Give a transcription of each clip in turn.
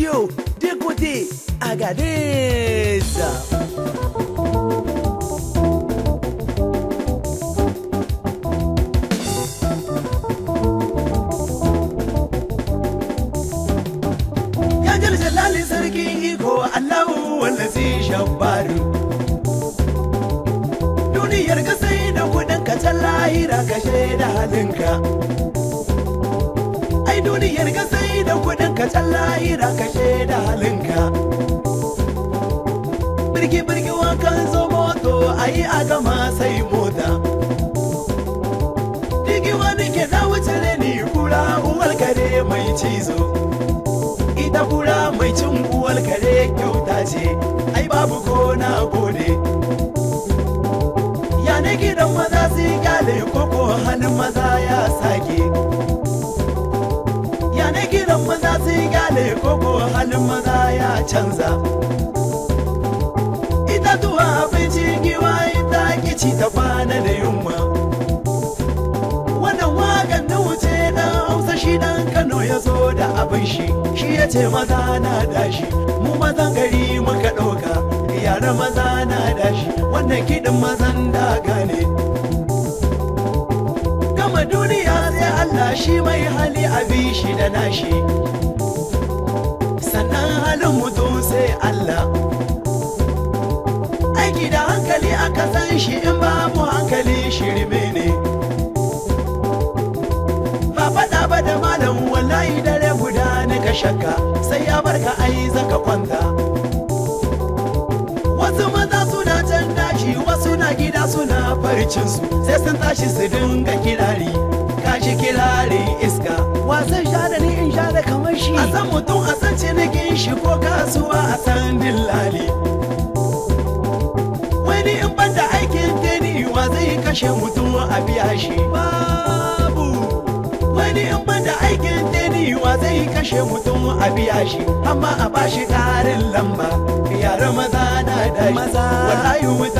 radio des côtés Agadez. sarkin iko Allahu wallazi jabbaru duniyar ka sai da kudin ka ta lahira ka da halinka kai duniyar ka sai da kudin ka can lahira ka da halinka birki birki wakan zo moto ayi a gama sai mota digi wani ke na wuce ni kura uwar kare mai cizo ita kura mai cin uwar kare kyauta ce ai babu ko na gode ya ne gidan maza su yi kale koko hannun maza ya sake na gidan maza sai gane koko halin maza ya canza ita tuwa abinci giwa ita kici ta kwana da yunwa wannan wakan na wuce na hausa shi dan kano ya zo da abin shi shi ya ce maza na dashi mu mazan gari muka ɗauka yara maza na dashi wannan kiɗin mazan daga ne gama duniya sai allah shi mai hali bi shi da nashi sannan halin mutum sai Allah aiki da hankali aka san shi in babu hankali shirme ne ba faɗa ba da malam wallahi dare guda ni ka shakka sai ya barka ai zaka kwanta wasu maza suna can dashi wasu na gida suna farcinsu sai sun tashi su dinga kirari kashi kirari iska shi a san mutum a san cinikin shi ko kasuwa a san dillali wani in banda aikin gani wa zai kashe mutum a biya shi babu wani in banda aikin gani wa zai kashe mutum a biya shi amma a bashi karin lamba ya maza na da shi wallahi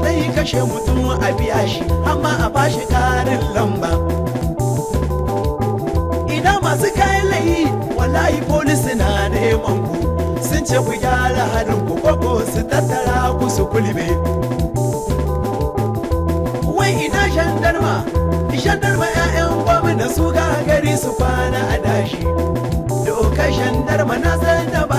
zai kashe mutum a biya shi amma a bashi karin lamba ina masu kayan layi wallahi polisi na neman ku sun ce ku gyara halin ku koko su tattara ku su kulbe wai ina shandarma shandarma 'ya'yan gwamna su gari su kwana a dashi dokar shandarma na zai da ba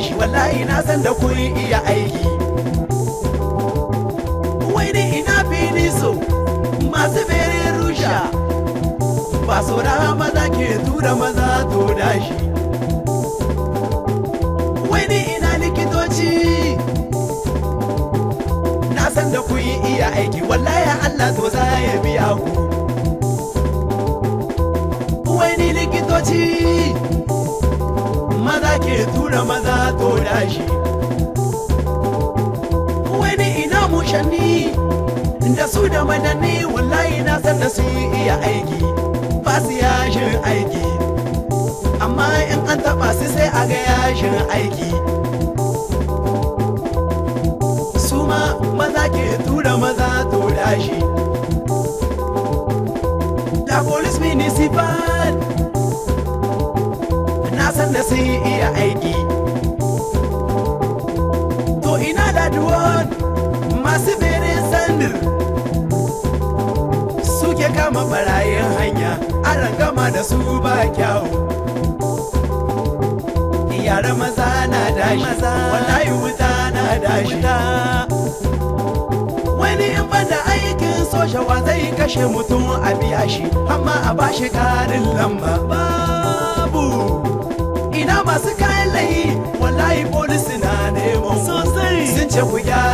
bashi wallahi na san da kun iya aiki wai ni ina fili so masu bere rusha ba saura maza ke tura maza to dashi wai ni ina likitoci na san da kun iya aiki wallahi Allah to za ya biya ku wai ni likitoci tashi wani ina mushanni da su da madani wallahi na san da su iya aiki ba su yashin aiki amma in an taba su sai a ga yashin aiki su ma maza ke tura maza tura shi da police municipal na san da su iya aiki suke kama barayin hanya aran gama da su ba kyau yara maza na dashi wallahi wuta na dashi wani in banda aikin sojawa zai kashe mutum a biya shi amma a bashi karin lamba babu ina masu kayan layi wallahi polisi na neman sosai sun ce ku gyara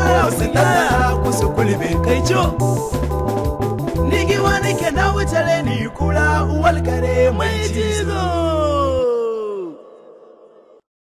abuwa su lalla ku su kulbe kai co ni giwa nake na wuce ni kula uwal kare mai cizo